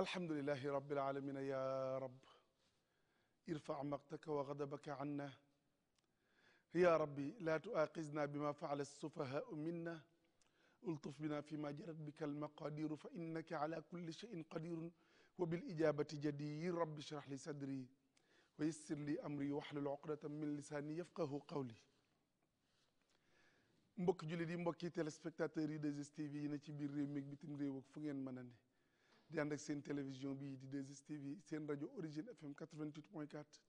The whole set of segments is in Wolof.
alhamdulilahi rabbil alamina ya rab irfa maqtaka wa gadabaka anna ya rabbi la tuaqizna bima faala sufahau minna ultuf bina fi ma jarat bika almaqadiru fa innaka ala kulli cheyin qadirun wa bilijabati jadir rabbi shrah li sadri wa yassir li amri wahlul uqdatan min lisaani yafqahu qawli mbokki jullit yi mbokki téléspectateurs yi 2STV yi ne ci biir réew mi ak bitim réew ak fu ngeen mën a ne di ànd ak seen télévision bi di 2STV seen rajo origine FM 88.4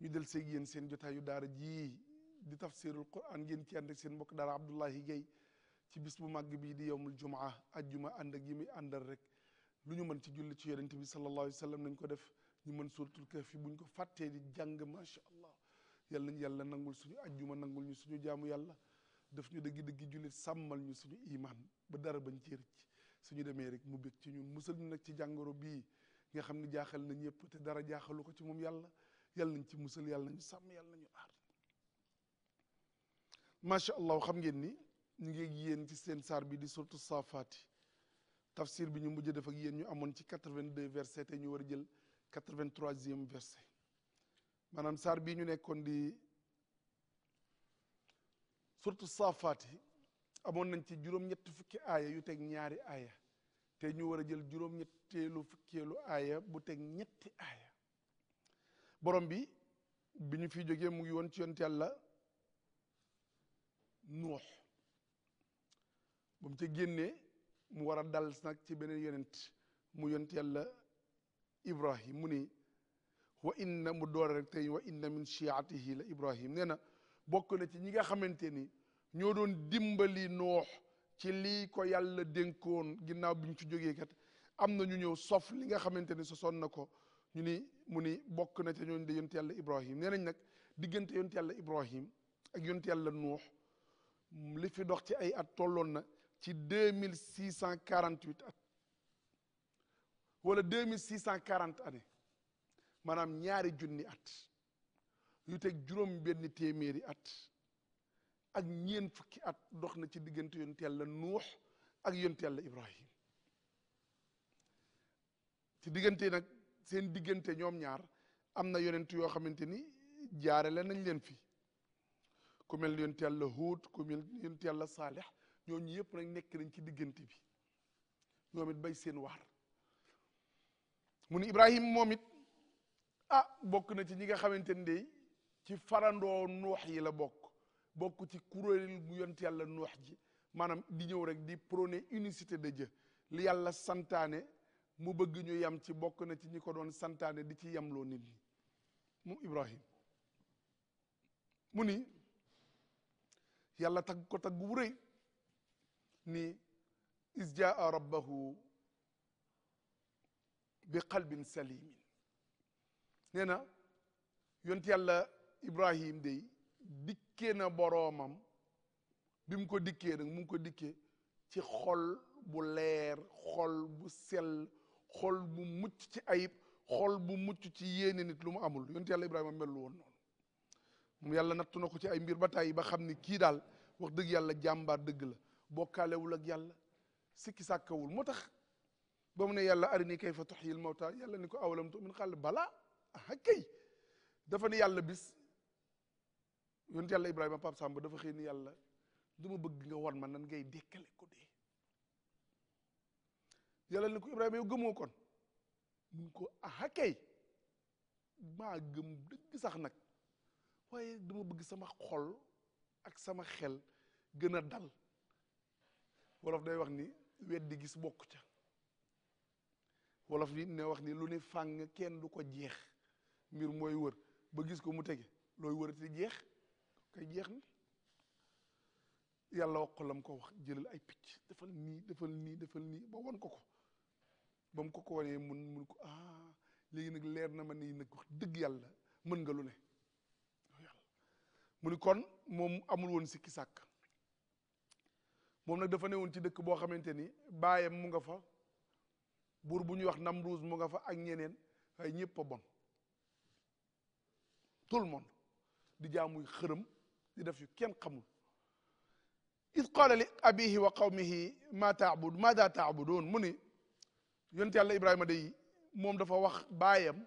ñu del seeg yéen seen jotaayu daara ji di tafsirul Quran ngeen ci ànd ak seen mbokk daara Abdoulahi Gaye ci bis bu màgg bii di yowmul jumaa ajjuma ànd ak yi muy àndal rek lu ñu mën ci julli ci yonente bi sallallahu alayhi wa sallam nañ ko def ñu mën suratul kahfi buñ ko fàttee di jàng macha allah yàlla nañ yàlla nangul suñu ajjuma nangul ñu suñu jaamu yàlla daf ñu dëgg-dëgg sàmmal ñu suñu iman ba dara bañ ci rëcc su ñu demee rek mu bég ci ñun musal ñu nag ci jàngoro bii nga xam ne jaaxal na ñëpp te dara jaaxalu ko ci moom yàlla yàlla nañ ci musal yàlla nañu sàmm yàlla ñu aar macha allah xam ngeen ni ñu ngi ak yéen ci seen saar bi di surtout saafaati tafsir bi ñu mujj def ak yéen ñu amoon ci quatre-vingt-deux verset te ñu war a jël quatre-vingt-troisième verset maanaam saar bii ñu nekkoon di surtout saafaati amoon nañ ci juróom-ñett fukki aaya yu teg ñaari aaya te ñu war a jël juróom-ñetteelu fukkeelu aaya bu teg ñetti aaya borom bi bi ñu fi jógee mu woon ci yonent yàlla nuux bu mu mu war a dal nag ci beneen yonent mu yonent yàlla ibrahim mu ni wa inna mu doore rek tey wa inna min shiatihi la ibrahim nee na bokk na ci ñi nga xamante ni ñoo doon dimbali noox ci lii ko yàlla dénkoon ginnaaw bi ñu ci jógee kat am na ñu ñëw sof li nga xamante ni sosoon na ko ñu ni mu ni bokk na ci ñooñu de yonent yàlla Ibrahim nee nañ nag diggante yonent yàlla Ibrahim ak yonent yàlla noox li fi dox ci ay at tolloon na ci deux mille six cent quarante huit at wala deux mille six quarante années maanaam ñaari junni at yu teg juróom benn téeméeri at ak ñeen fukki at dox na ci diggante yonent yàlla nuux ak yonent yàlla ibrahim ci diggante nag seen diggante ñoom ñaar am na yonent yoo xamante ni jaarale nañ leen fi ku mel yonent yàlla huut ku mel yonent yàlla saalix ñooñu yëpp nag nekk nañ ci diggante bi ñoom it bay seen waar mu ni ibrahim moom it ah bokk na ci ñi nga xamante ni day ci farandoo nuux yi la bokk bokk ci kuréel bu yont yàlla nuux ji maanaam di ñëw rek di prôné unicité de Dieu li yàlla santaane mu bëgg ñu yam ci bokk na ci ñi ko doon santaane di ci yamloo nit ñi moom Ibrahim mu ni yàlla tagg ko tagg ni isjaa rabbahu bi qalbin salimin nee na yont yàlla Ibrahim day dikkee na boroomam bi mu ko dikkee nag mu ngi ko dikkee ci xol bu leer xol bu sel xol bu mucc ci ayib xol bu mucc ci yéene nit lu mu amul yonent yàlla Ibrahima melu woon noonu mu yàlla nattu na ko ci ay mbir ba tàyyi ba xam ni kii daal wax dëgg yàlla jàmbaar dëgg la bokkaalewul ak yàlla sikki sàkkawul moo tax ba mu ne yàlla arini kayfa tuhyil mawta yàlla ni ko awalam tu'min xaal balaa ah kay dafa ne yàlla bis yoonu yonent yàlla Ibrahima Pape Samba dafa xëy ni yàlla du ma bëgg nga won ma nan ngay dekkale ko dee yàlla ni ko Ibrahima yow gëmoo kon mun ko aha kay maa gëm dëgg sax nag waaye dama bëgg sama xol ak sama xel gën a dal wolof day wax ni weddi gis bokk ca wolof yi ne wax ni lu ne fàng kenn du ko jeex mbir mooy wër ba gis ko mu tege looy wërati jeex kay jeex na yàlla wax ko lam ko wax jëlal ay picc defal nii defal nii defal nii ba won ko ko ba mu ko ko wanee mun mun ko ah léegi nag leer na ma nii nag yàlla mën nga lu ne mu ni kon moom amul woon sikki sàkk moom nag dafa woon ci dëkk boo xamante ni baayam mu nga fa buur bu ñuy wax Namruus mu nga fa ak ñeneen waaye ñëpp a bon tout le monde di xërëm di def yu kenn xamul is qaala li abihi wa qawmihi ma taabud maada taabudoon mu ne yonent yàlla ibrahima day moom dafa wax baayam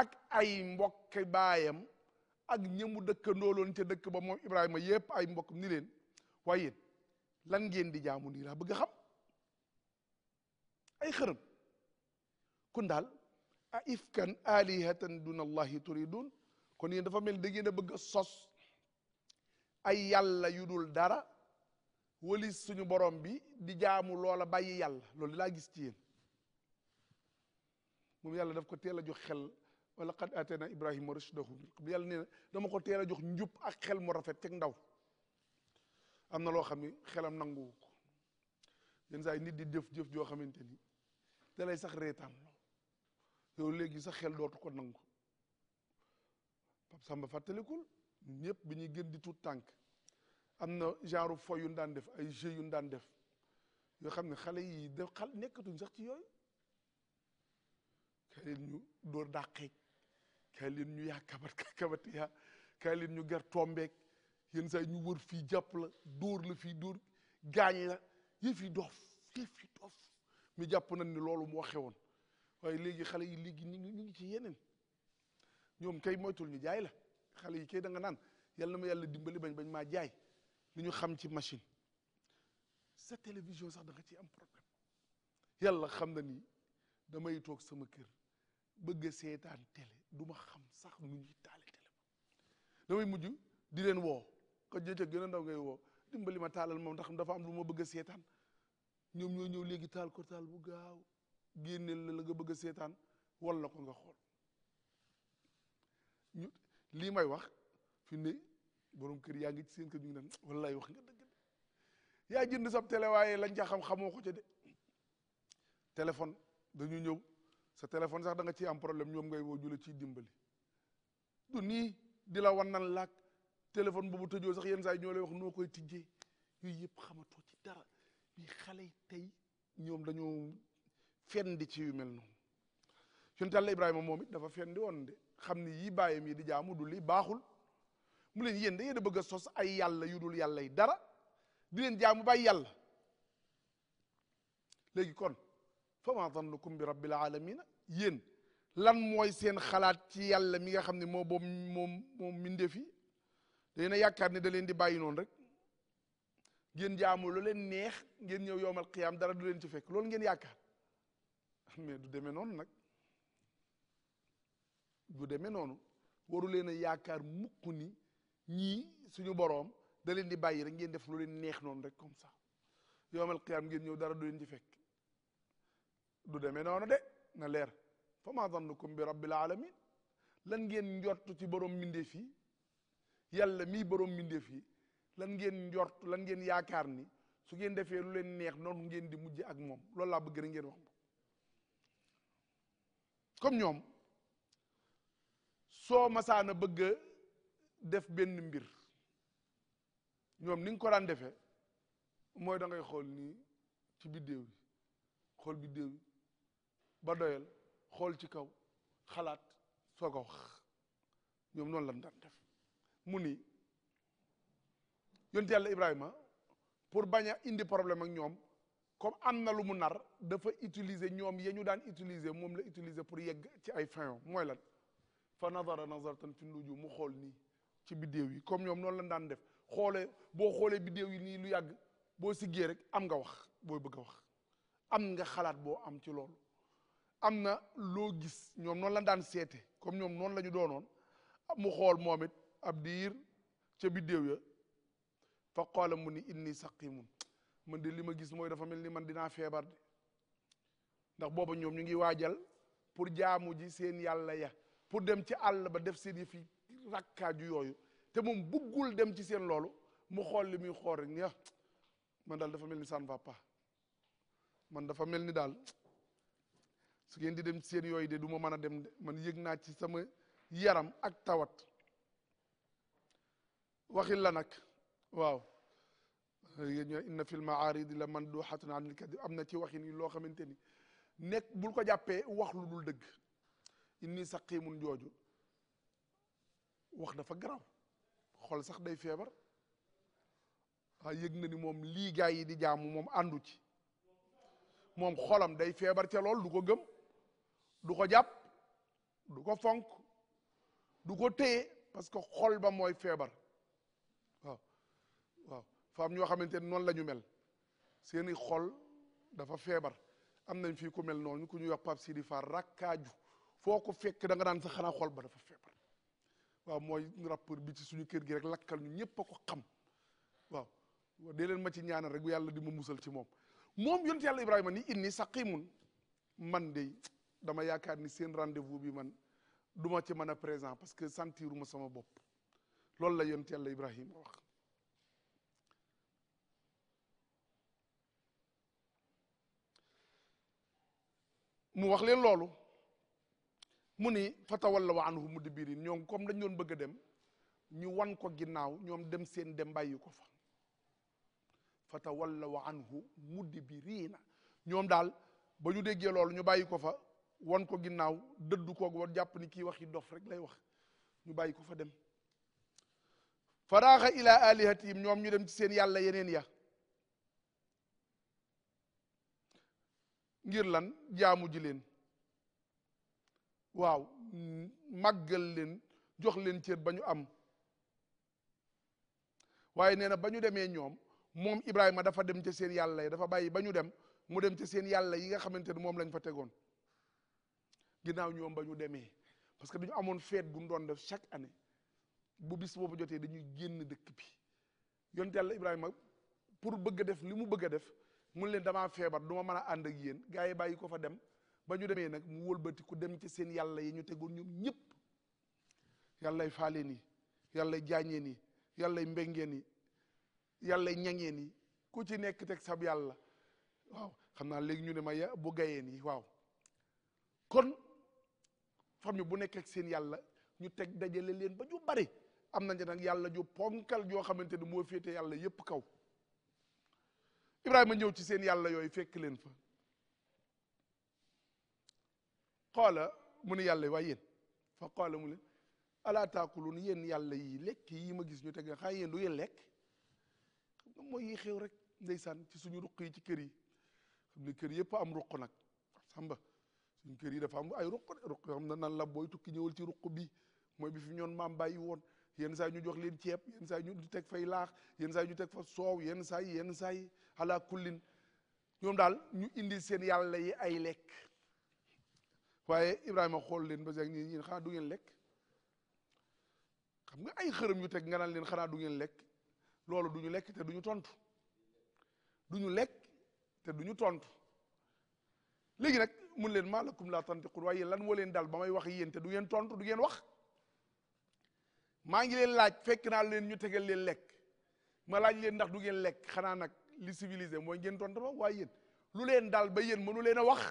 ak ay mbokk baayam ak ñëmu dëkkandooloon ca dëkk ba moom ibrahima yépp ay mbokk ni leen waaye yéen lan ngeen di jaamu nii laa bëgg a xam ay xërëm kun daal a ifkan alihatan duna allahi turidun kon yéen dafa mel da ngeen a bëgg a sos ay yàlla yu dul dara walis suñu borom bi di jaamu loola bàyyi yàlla loolu laa gis ci yéen moom yàlla def ko teel a jox xel walla qad atana ibrahima rushdahu yàlla nee ko teel a jox njub ak xel mu rafet teg ndaw am na loo xam ne xelam nanguwu ko yenn nit di jëf jëf joo xamante ni da lay sax reetaan yow léegi sax xel dootu ko nangu Pape fàttalikul ñëpp bi ñuy gën di tuut tànk am na genre foy yu daan def ay jeux yu daan def yoo xam ne xale yi def nekkatuñ sax ci yooyu kaay leen ñu door dàqeeg kaay leen ñu yaa kabat kabat yaa kaay leen ñu ger tombeeg yenn sa ñu wër fii jàpp la dóor la fii dóor gaañ la yëf yi doof yëf yi doof mi jàpp nañ ni loolu moo xewoon waaye léegi xale yi léegi ñu ngi ñu ngi ci yeneen ñoom kay moytul ñu jaay la xale yi kay danga naan yàlla na ma yàlla dimbali bañ bañ maa jaay li ñu xam ci machine sa télévision sax da nga am problème yàlla xam na ni damay toog sama kër bëgga seetaan tele du ma xam sax nu ñuy taale télé ba damay mujj di leen woo ko jëcëg gën a ndaw ngay woo dimbali ma taalal moom ndax dafa am lu ma bëgg seetaan ñoom ñoo ñëw léegi taal ko taal bu gaaw génneel la la nga bëgg a seetaan wala ko nga xool lii may wax fi ne borom kër yaa ngi ci seen kër ñu ngi naan wallaay wax nga dëgg de yaa jënd sab télé lañ ca xam xamoo ko ca de téléphone dañu ñëw sa téléphone sax danga nga ciy am problème ñoom ngay woo ñu la ciy dimbali du nii di la wan nan laag téléphone boobu tëjoo sax yenn saay yi wax noo koy tijjee yooyu yëpp xamatoo ci dara mais xale tey ñoom dañoo fendi ci yu mel noonu yonent Yàlla Ibrahima moom dafa fendi woon de xam ni yii bàyyam yi di jaamu du li baaxul mu leen yéen da ngeen a bëgg a sos ay yàlla yu dul yàlla dara di leen jaamu bàyyi yàlla léegi kon fa ma zannukum bi rabbil alamina yéen lan mooy seen xalaat ci yàlla mi nga xam ne moo boobu moom moom mindee fi dangeen a yaakaar ne da leen di bàyyi noonu rek ngeen jaamu lu leen neex ngeen ñëw yowmal qiyaam dara du leen ci fekk lool ngeen yaakaar mais du demee noonu nag du demee noonu waru leen yaakaar mukk ni ñii suñu boroom da leen di bàyyi rek ngeen def lu leen neex noonu rek comme ça yoomal qiyaam ngeen ñëw dara du leen ci fekk du demee noonu de na leer fa ma zannukum bi rabbil alamin lan ngeen njort ci borom mbindeef fii yalla mii borom mbindeef fii lan ngeen njort lan ngeen yaakaar ni su ngeen defee lu leen neex noonu ngeen di mujj ak moom loolu laa bëgg rek ngeen wax comme ñoom soo masaana bëgg def benn mbir ñoom ni ko daan defee mooy da ngay xool nii ci biddéew bi xool biddéew bi ba doyal xool ci kaw xalaat soo ko wax ñoom noonu lan daan def mu ni yonent yàlla Ibrahima pour bañ a indi problème ak ñoom comme am na lu mu nar dafa utiliser ñoom ya ñu daan utiliser moom la utiliser pour yegg ci ay fin mooy lan fa nazara nazaratan fi nujum mu xool nii ci biddéew yi comme ñoom noonu la daan def xoole boo xoolee biddéew yi nii lu yàgg boo siggee rek am nga wax booy bëgg a wax am nga xalaat boo am ci loolu am na loo gis ñoom noonu lañ daan seete comme ñoom noonu lañu doonoon mu xool moom it ab diir ca biddéew ya fa qaala mu ni inni saqimun man di li ma gis mooy dafa mel ni man dinaa feebar de ndax booba ñoom ñu ngi waajal pour jaamu ji seen yàlla ya pour dem ci àll ba def seen yëfi rakkaaju yooyu te moom buggul dem ci seen loolu mu xool li muy xool rek ni ah man daal dafa mel ni ça ne va man dafa mel ni daal su ngeen di dem ci seen yooyu de du ma mën a dem de man yëg naa ci sama yaram ak tawat waxin la nag waaw yéen ñoo inna fil maaridi la man duhatun anil kadib am na ci waxin yi loo xamante ni nekk bul ko jàppee wax lu dul dëgg inni saqiimun jooju wax dafa garaaw xol sax day feebar waaye yëg na ni moom lii yi di jaamu moom àndu ci moom xolam day feebar ca lool du ko gëm du ko jàpp du ko fonk du ko téye parce que xol ba mooy feebar waaw waaw fa am ñoo xamante ni noonu la ñu mel seeni xol dafa feebar am nañ fii ku mel noonu ku ñuy wax Pape Sidi Fall rakkaaju foo ko fekk da nga naan sa xanaa xol ba dafa feebar waaw mooy rappeur bi ci suñu kër gi rek lakkal ñu ñëpp ko xam waaw dee leen ma ci ñaanal rek bu yàlla di ma musal ci moom moom yonent yàlla Ibrahima ni inni saqimun man de dama yaakaar ni seen rendez-vous bi man duma ma ci mën a présent parce que ma sama bopp loolu la yonent yàlla Ibrahima wax mu wax leen loolu mu ni fatawallaw anhu mudbirin ñoom comme dañ doon bëgg a dem ñu wan ko ginnaaw ñoom dem seen dem bàyyi ko fa fatawallaw anhu mudbirina ñoom daal ba ñu déggee loolu ñu bàyyi ko fa wan ko ginnaaw dëddu koog war jàpp ni kii wax yi dof rek lay wax ñu bàyyi ko fa dem faraaxa ila alihatihim ñoom ñu dem ci seen yàlla yeneen ya ngir lan jaamu ji leen waaw màggal leen jox leen cër ba ñu am waaye nee na ba ñu demee ñoom moom Ibrahima dafa dem ca seen yàlla yi dafa bàyyi ba ñu dem mu dem ca seen yàlla yi nga xamante ne moom lañ fa tegoon ginnaaw ñoom ba ñu demee parce que dañu amoon feet gu doon def chaque année bu bis boobu jotee dañuy génn dëkk bi yonent yàlla Ibrahima pour bëgg def li mu bëgg a def mun leen damaa feebar du ma mën a ànd ak yéen gars yi bàyyi ko fa dem. ba ñu demee nag mu wëlbati ku dem ci seen yàlla yi ñu tegoon ñoom ñëpp yàllay faaleen yi yàllay jaañeen yi yàllay mbengeen yi yàllay ñangeen yi ku ci nekk teg sab yàlla waaw xam naa léegi ñu ne ma bu gayeen yi waaw kon famille bu nekk ak seen yàlla ñu teg dajale leen ba ñu bari am na nag yàlla ju ponkal joo xamante ni moo féete yàlla yépp kaw Ibrahima ñëw ci seen yàlla yooyu fekk leen fa xoola mu ne yàlla waaye yéen fa mu ne alaa taakuluun yéen yàlla yi lekk yi ma gis ñu teg xaa yéen du lekk xam nga mooy yi xew rek ndeysaan ci suñu ruq yi ci kër yi xam ne kër yëpp am ruq nag samba suñu kër yi dafa am ay ruq ruq yoo xam nan la booy tukki ñëwul ci ruq bi mooy bi fi ñoon maam bàyyi woon yenn saa ñu jox leen ceeb yenn saa ñu teg fay laax yenn saa ñu teg fa soow yenn saa yi yenn saa yi kullin daal ñu indi seen yàlla yi ay lekk waaye Ibrahima xool leen ba seeg ñi ñin xanaa du ngeen lekk xam nga ay xërëm yu teg nga naan leen xanaa du ngeen lekk loolu du ñu lekk te du ñu tontu du ñu lekk te du ñu tontu léegi nag mun leen maa lakum laa tantiqun waaye lan moo leen daal ba may wax yéen te du ngeen tontu du ngeen wax maa ngi leen laaj fekk naa leen ñu tegal leen lekk ma laaj leen ndax du ngeen lekk xanaa nag li civilisé mooy ngeen tontu ma waaye lu leen daal ba yéen mënu leen a wax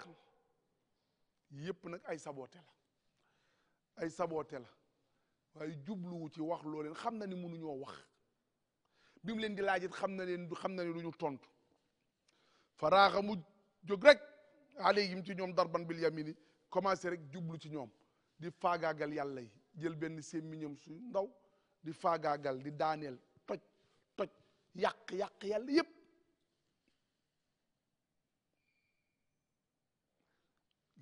yëpp nag ay saboote la ay saboté la waaye jubluwu ci wax looleen xam na ni ñoo wax bi mu leen di laajit xam na leen xam na ne du ñu tontu faraaxa mu jóg rek alayhim ci ñoom darban bil yamini commencé rek jublu ci ñoom di faagaagal yàlla yi jël benn sémmiñam su ndaw di faagaagal di daaneel toj toj yàq yàq yàlla yëpp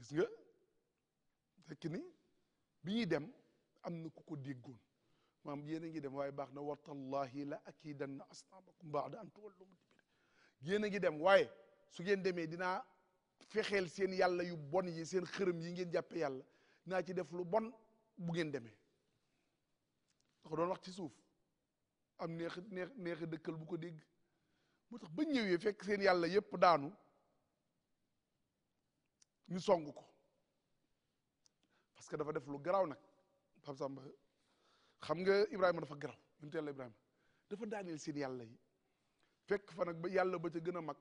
gis nga fekk ni bi ñuy dem am na ku ko déggoon maam yéen a ngi dem waaye baax na watallahi la akidanna asnamakum baada an tuwallu mudbir yéen a ngi dem waaye su ngeen demee dinaa fexeel seen yàlla yu bon yi seen xërëm yi ngeen jàppe yàlla dinaa ci def lu bon bu ngeen demee da doon wax ci suuf am neex neex neex dëkkal bu ko dégg moo tax ba ñëwee fekk seen yàlla yépp daanu ñu song ko parce que dafa def lu garaaw nag Pape Samba xam nga Ibrahima dafa garaaw ñun teel Ibrahima dafa daaneel seen yàlla yi fekk fa nag ba yàlla ba ca gën a mag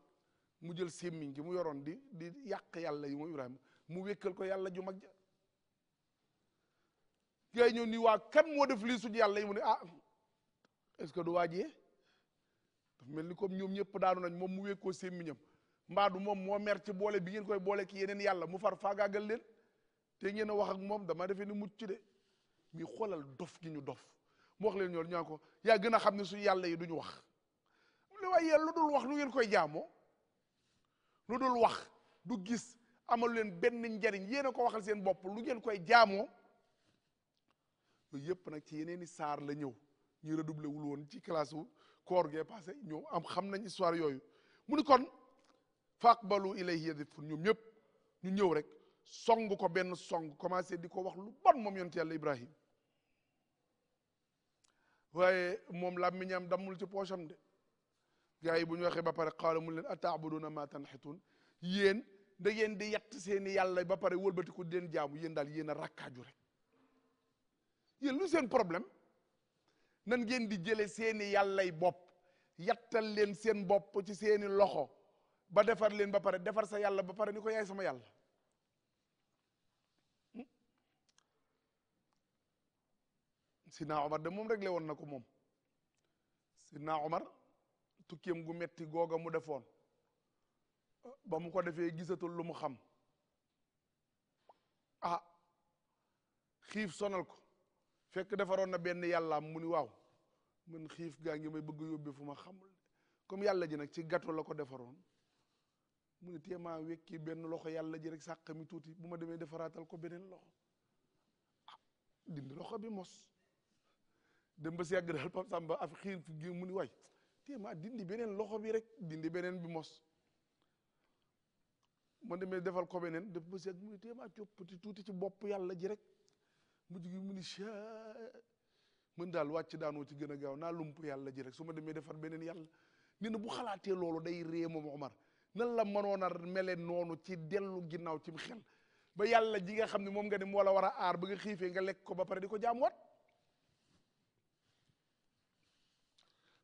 mu jël sémmiñ gi mu yoroon di di yàq yàlla yi moom Ibrahima mu wékkal ko yàlla ju mag ja ñëw ni waa kan moo def lii suñu yàlla yi mu ne ah est-ce que du waajee dafa mel ni comme ñoom ñëpp daanu nañ moom mu wékkoo sémmiñam mbaa du moom moo mer ci boole bi ngeen koy boole ki yeneen yàlla mu far faagaagal leen te ngeen a wax ak moom dama defee ni mucc de mi xoolal dof gi ñu dof mu wax leen ñoo ñaa ko yaa gën xam ne su yàlla yi duñu wax mu ne waaye lu dul wax lu ngeen koy jaamoo lu dul wax du gis amalu leen benn njariñ yéen a ko waxal seen bopp lu ngeen koy jaamoo yooyu yëpp nag ci yeneeni saar la ñëw ñu redoublé wul woon ci classe koor gee passé ñëw am xam nañ histoire yooyu mu ni kon faqbalu ilayhi yadifun ñoom ñëpp ñu ñëw rek song ko benn song commencé di ko wax lu bon moom yonent yàlla ibrahim waaye moom làmmiñam dammul ci poosam de gars yi bu ñu waxee ba pare qaala mu leen ataabuduna ma tanxitun yéen da ngeen di yett seeni yàlla ba pare wëlbati ko di leen jaamu yéen daal yéen a rakkaaju rek yéen lu seen problème nan ngeen di jële seeni yàllay bopp yattal leen seen bopp ci seeni loxo ba defar leen ba pare defar sa yàlla ba pare ni ko yaay sama yàlla Sidna Omar de moom réglé woon na ko moom Sidna Omar tukkiyam gu metti googa mu defoon ba mu ko defee gisatul lu mu xam ah xiif sonal ko fekk defaroon na benn yàllaam mu ni waaw man xiif gaa ngi may bëgg yóbbi fu ma xamul comme yàlla ji nag ci gâteau la ko defaroon mu ne téemaa wekki benn loxo yàlla ji rek sàq mi tuuti bu ma demee defaraatal ko beneen loxo ah dindi loxo bi mos dem ba si yàgg daal Pape gi mu ni waay téemaa dindi beneen loxo bi rek dindi beneen bi mos ma demee defal ko beneen def ba si yàgg mu ne téemaa coppati tuuti ci bopp yàlla ji rek mujj gi mu ni mën daal wàcc daanoo ci gën a gaaw naa lump yàlla ji su ma demee defar beneen yàlla nee na bu xalaatee loolu day ree moom Omar nan la mënoon a mele noonu ci dellu ginnaaw ci xel ba yàlla ji nga xam ne moom nga ne moo war a aar ba nga xiifee nga lekk ko ba pare di ko jaamuwaat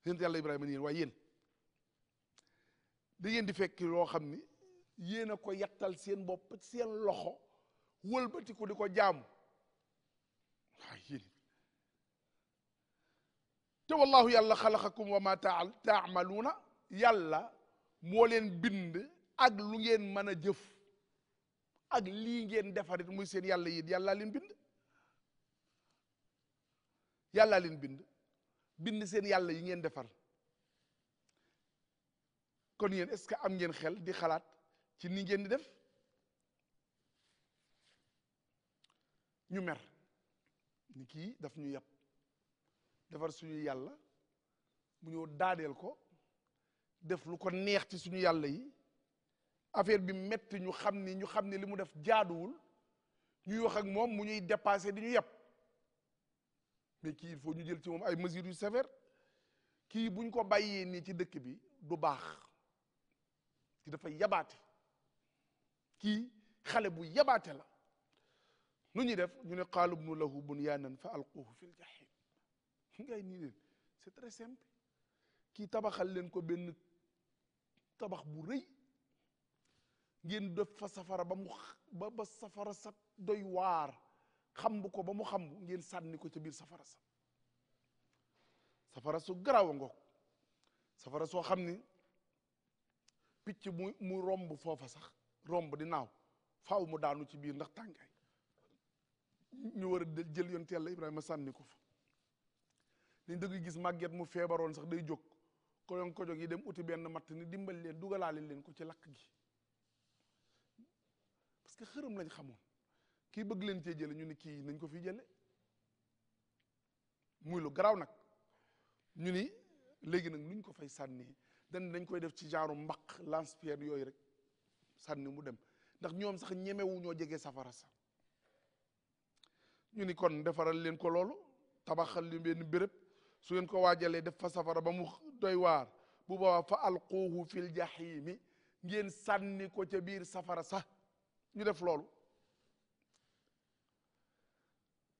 yéen yàlla Ibrahima nii yéen di fekk loo xam ni yéen a ko yattal seen bopp seen loxo wëlbati di ko jaamu te wallahu yàlla xalaqakum wa ma taamaluuna yàlla moo leen bind ak lu ngeen mën a jëf ak lii ngeen defarit muy seen yàlla yit yàllaa leen bind yàlla leen bind bind seen yàlla yi ngeen defar kon yéen est-ce que am ngeen xel di xalaat ci ni ngeen di def ñu mer ni kii daf ñu yàpp defar suñu yàlla mu ñëw daadeel ko def lu ko neex ci suñu yàlla yi affaire bi metti ñu xam ni ñu xam ni li mu def jaaduwul ñuy wax ak moom mu ñuy dépassé di ñu yàpp mais kii il ñu jël ci moom ay mesures yu sévères kii buñ ko bàyyee nii ci dëkk bi du baax ci dafa yabaate kii xale bu yabaate la nu ñuy def ñu ne qaalu bnu lahu bunyaanan fa alquuhu fi ljahim ngay nii leen c'est très simple kii tabaxal leen ko benn tabax bu rëy ngeen def fa safara ba mu ba ba safara sa doy waar xamb ko ba mu xamb ngeen sànni ko ci biir safara sa safara su garaaw a ngoog safara soo xam ni picc mu mu romb foofa sax romb di naaw faaw mu daanu ci biir ndax tàngaay ñu war a jël yonent la Ibrahima sànni ko fa dañ dëgg gis màgget mu feebaroon sax day jóg koyoŋ ko jog yi dem uti benn matt ni dimbal leen dugalaale leen ko ci lakk gi parce que xërëm lañ xamoon kii bëgg leen cee jële ñu ni kii nañ ko fi jële muy lu garaaw nag ñu ni léegi nag nuñ ko fay sànni dañ dañ koy def ci genre mbaq lance-pierre yooyu rek sànni mu dem ndax ñoom sax ñemewu ñoo jege safara sa ñu ni kon defaral leen ko loolu tabaxal li benn béréb su ngeen ko waajalee def fa safara ba mu doy waar bu boobaa fa alquuhu fil jahimi ngeen sànni ko ca biir safara sax ñu def loolu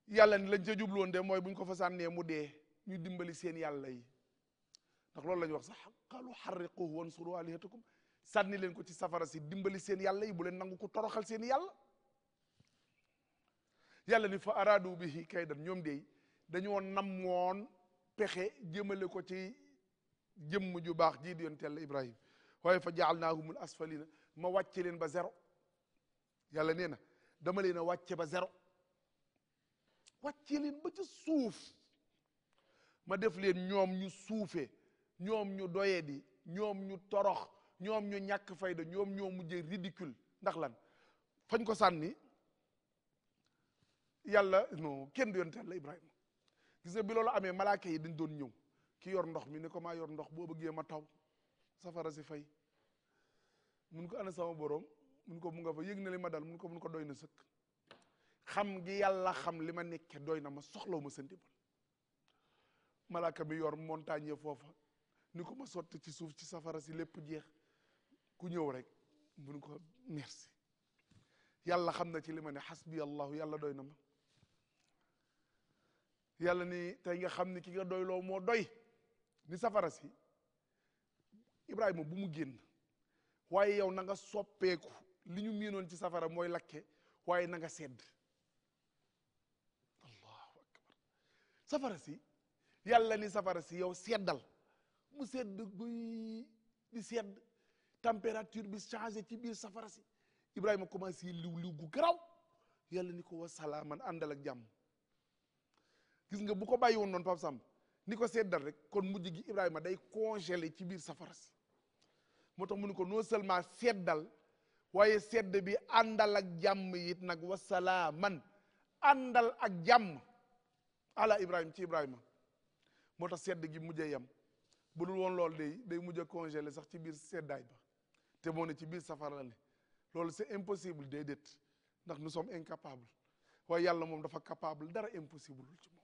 yàlla ni lañ ca de mooy bu ko fa sànnee mu dee ñu dimbali seen yàlla yi ndax loolu lañu wax sax qalu harriquhu wansuru alihatakum sànni leen ko ci safara si dimbali seen yàlla yi bu leen nangu ko toroxal seen yàlla yàlla ni fa araadu bihi kaydan ñoom de dañoo nam woon pexe jëmale ko ci jëmm ju baax ji di yonent Yàlla Ibrahim waaye fa jaal naa jaalnaahumul asfalina ma wàcce leen ba zéro yàlla nee na dama leen a wàcce ba zéro wacci leen ba ci suuf ma def leen ñoom ñu suufee ñoom ñu doye di ñoom ñu torox ñoom ñu ñàkk fayda ñoom ñoo mujjee ridicule ndax lan fañ ko sànni yàlla non kenn du yonent Yàlla Ibrahima gis nga bi loolu amee malaaka yi dañ doon ñëw ki yor ndox mi ne ko ma yor ndox boo bëggee ma taw safara si fay mun ko ana sama borom mun ko mu nga fa na ma dal mun ko mun ko doy na sëkk xam gi yàlla xam li ma nekke doy na ma soxlaw ma sa ndimbal malaaka mi yor montagne foofa ni ko ma sotti ci suuf ci safara si lépp jeex ku ñëw rek mun ko merci yàlla xam na ci li ma ne xasbi allahu yàlla doy na ma yàlla ni tey nga xam ni ki nga doyloo moo doy ni safara si Ibrahima bu mu génn waaye yow nanga soppeeku li ñu miinoon ci safara mooy lakke waaye nanga nga sedd allahu akbar safara si yàlla ni safara si yow seddal mu sedd guy di sedd température bi changé ci biir safara si Ibrahima commencé liw liw gu garaw yàlla ni ko wa àndal ak jàmm gis nga bu ko bàyyi woon noonu Pape Samb ni ko seddal rek kon mujj gi Ibrahima day congelé ci biir safara si moo tax mu ne ko non seulement seddal waaye sedd bi àndal ak jàmm it nag wasalaaman àndal ak jàmm ala Ibrahima ci Ibrahima moo tax sedd gi mujj yem bu dul woon loolu day day mujj a congelé sax ci biir seddaay ba te moo ne ci biir safara loolu c'est impossible déedéet ndax nous sommes incapables waaye yàlla moom dafa capable dara impossible ci moom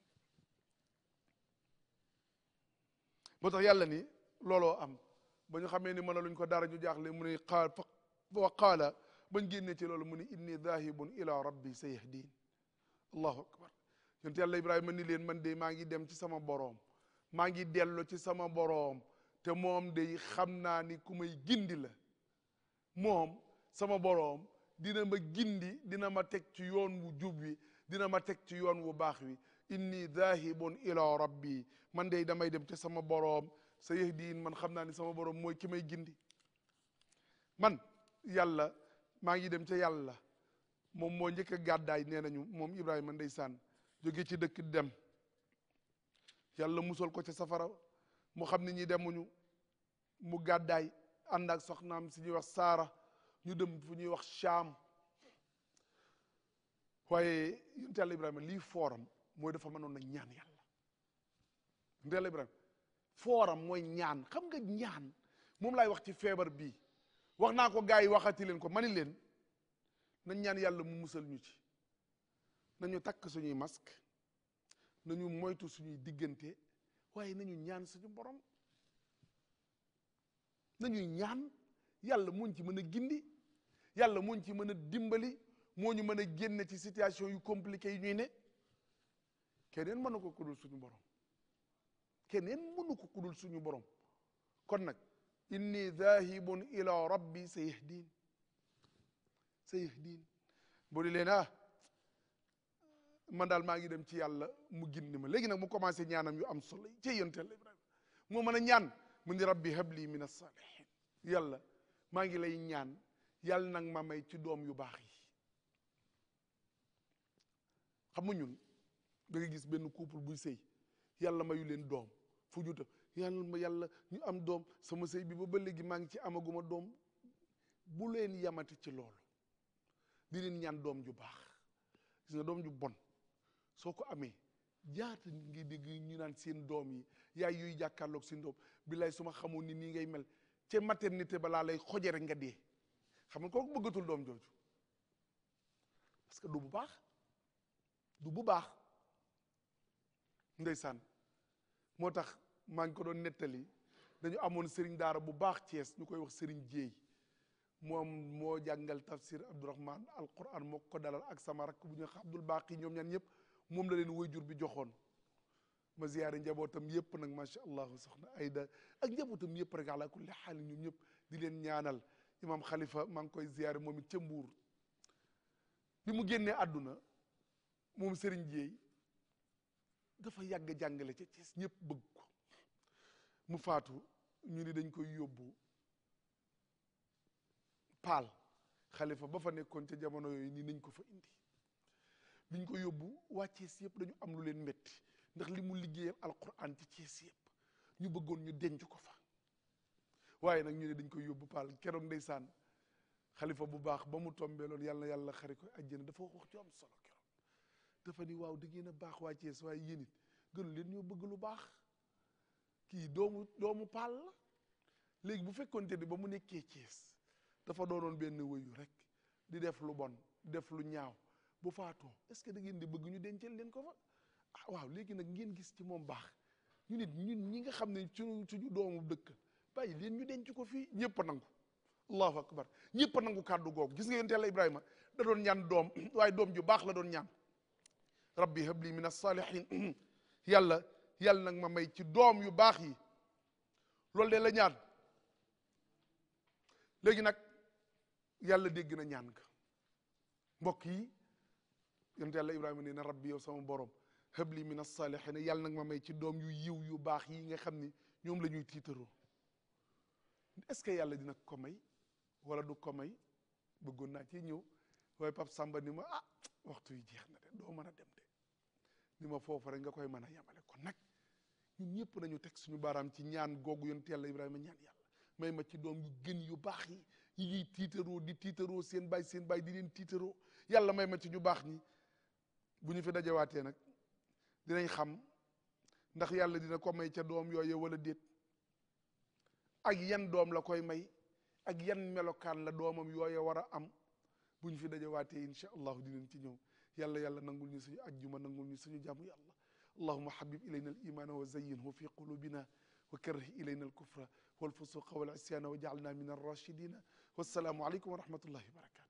moo tax yàlla ni looloo am ba ñu xamee ni mënaluñ ko dara ñu jaaxle mu ni qaal wa qaala bañ génnee ci loolu mu ni inni dahibun ila rabbi sayahdin allahu akbar yonent yàlla ma ni leen man de maa ngi dem ci sama boroom maa ngi delloo ci sama boroom te moom day xam naa ni ku may gindi la moom sama boroom dina ma gindi dina ma teg ci yoon wu jub wi dina ma teg ci yoon wu baax wi inni dahibun ila rabbi man de damay dem ca sama boroom sa yahdiin man xam naa ni sama boroom mooy ki may gindi man yàlla maa ngi dem ca yàlla moom moo njëkk a gàddaay nee nañu moom Ibrahima ndeysaan jóge ci dëkk dem yàlla musal ko ca safara mu xam ni ñi demuñu mu gàddaay ànd ak soxnaam si ñuy wax saara ñu dem fu ñuy wax Shaam waaye yonent yàlla Ibrahima lii fooram mooy dafa mënoon a ñaan yàlla ndeel Ibrahima fooram mooy ñaan xam nga ñaan moom laay wax ci feebar bii wax naa ko gars yi waxati leen ko mani leen nañ ñaan yàlla mu musal ñu ci nañu takk suñuy masque nañu moytu suñuy diggante waaye nañu ñaan suñu borom nañuy ñaan yàlla muñ ci mën a gindi yàlla muñ ci mën a dimbali moo ñu mën a génne ci situation yu compliqué yi ñuy ne keneen mënu ko kudul suñu borom keneen mënu ko kudul suñu borom kon nag inni dahibun ila rabbi sa yahdin sa yahdin bo di leen ah man daal maa ngi dem ci yàlla mu gindi ma léegi nag mu commencé ñaanam yu am solo ci yontel Ibrahima moo mën a ñaan mu ni rabbi lii min as-salihin yàlla maa ngi lay ñaan yàlla nag ma may ci doom yu baax yi xam nga ñun da nga gis benn couple buy sëy yàlla mayu leen doom fu juta yàlla ma yàlla ñu am doom sama sëy bi ba ba léegi maa ngi ci amaguma doom bu leen yamati ci loolu di leen ñaan doom ju baax gis nga doom ju bon soo ko amee jaata ngi dégg ñu naan seen doom yi yaay yuy jàkkaarloog seen doom billaay su ma xamoon ni nii ngay mel ca maternité balaa lay xoje nga dee xam nga kooku bëggatul doom jooju parce que du bu baax du bu baax ndeysaan moo tax maa ngi ko doon nettali dañu amoon sëriñ daara bu baax Thiès ñu koy wax sëriñ Jéey moom moo jàngal tafsir Abdourahman alquran moo ko dalal ak sama rakk bu ñu wax Abdul Baqi ñoom ñaan ñëpp moom la leen waajur bi joxoon ma ziyaare njabootam yëpp nag macha allah soxna Ayda ak njabootam yëpp rek ala kulli xaal ñoom ñëpp di leen ñaanal imam xalifa maa ngi koy ziyaare moom it ca Mbuur bi mu génnee àdduna moom sëriñ Jéey dafa yàgg jàngale ci Cees ñëpp bëgg ko mu faatu ñu ni dañ koy yóbbu paal xalifa ba fa nekkoon ca jamono yooyu ni nañ ko fa indi biñ ko yóbbu waa Cees yëpp dañu am lu leen métti ndax li mu liggéeyal alquran ci Cees yëpp ñu bëggoon ñu denc ko fa waaye nag ñu ne dañ koy yóbbu paal keroog ndeysaan xalifa bu baax ba mu tombeeloon yàlla yàlla xari ko ajjana dafa wax wax ju am solo dafa ni waaw da ngeen a baax waa Thiès waaye yéen it gënu leen ñoo bëgg lu baax kii doomu doomu paal la léegi bu fekkoonte ni ba mu nekkee Thiès dafa doonoon benn wëyu rek di def lu bon def lu ñaaw bu faatoo est-ce que da ngeen di bëgg ñu dencal leen ko fa ah waaw léegi nag ngeen gis ci moom baax ñu nit ñun ñi nga xam ne suñu suñu doomu dëkk bàyyi leen ñu denc ko fii ñëpp nangu allahu akbar ñëpp nangu kàddu googu gis nga yonent Yàlla Ibrahima da doon ñaan doom waaye doom ju baax la doon ñaan rabbi habli min as-salihin yàlla yàlla nag ma may ci doom yu baax yi loolu de la ñaan léegi nag yàlla dégg na ñaan nga mbokk yi yonent yàlla ibrahima nee na rabbi yow sama borom habli min as-salihin yàlla nag ma may ci doom yu yiw yu baax yi nga xam ni ñoom la ñuy tiitaroo est-ce que yàlla dina ko may wala du ko may bëggoon naa ci ñëw waaye pap samba ni ma ah waxtu yi jeex na de doo mën a dem de ni ma foofu rek nga koy mën a yemale kon nag ñun ñëpp nañu teg suñu baaraam ci ñaan googu yonent yàlla Ibrahima ñaan yàlla may ma ci doom yu gën yu baax yi yi ñuy tiitaroo di tiitaroo seen baay seen baay di leen tiitaroo yàlla may ma ci ñu baax ñi bu ñu fi dajewaatee nag dinañ xam ndax yàlla dina ko may ca doom yooye wala déet ak yan doom la koy may ak yan melokaan la doomam yooye war a am bu ñu fi dajewaatee incha allahu dinañ ci ñëw yàlla yàlla nangul ñu suñu ajjuma nangul ñu suñu jaamu yàlla allahuma habib ilayna al imana wa zayyinhu fi qulubina wa karrih ilayna al kufra wal fusuqa wal isyana wa jaalna min arrachidina wassalaamu aleykum wa rahmatullahi wa barakatu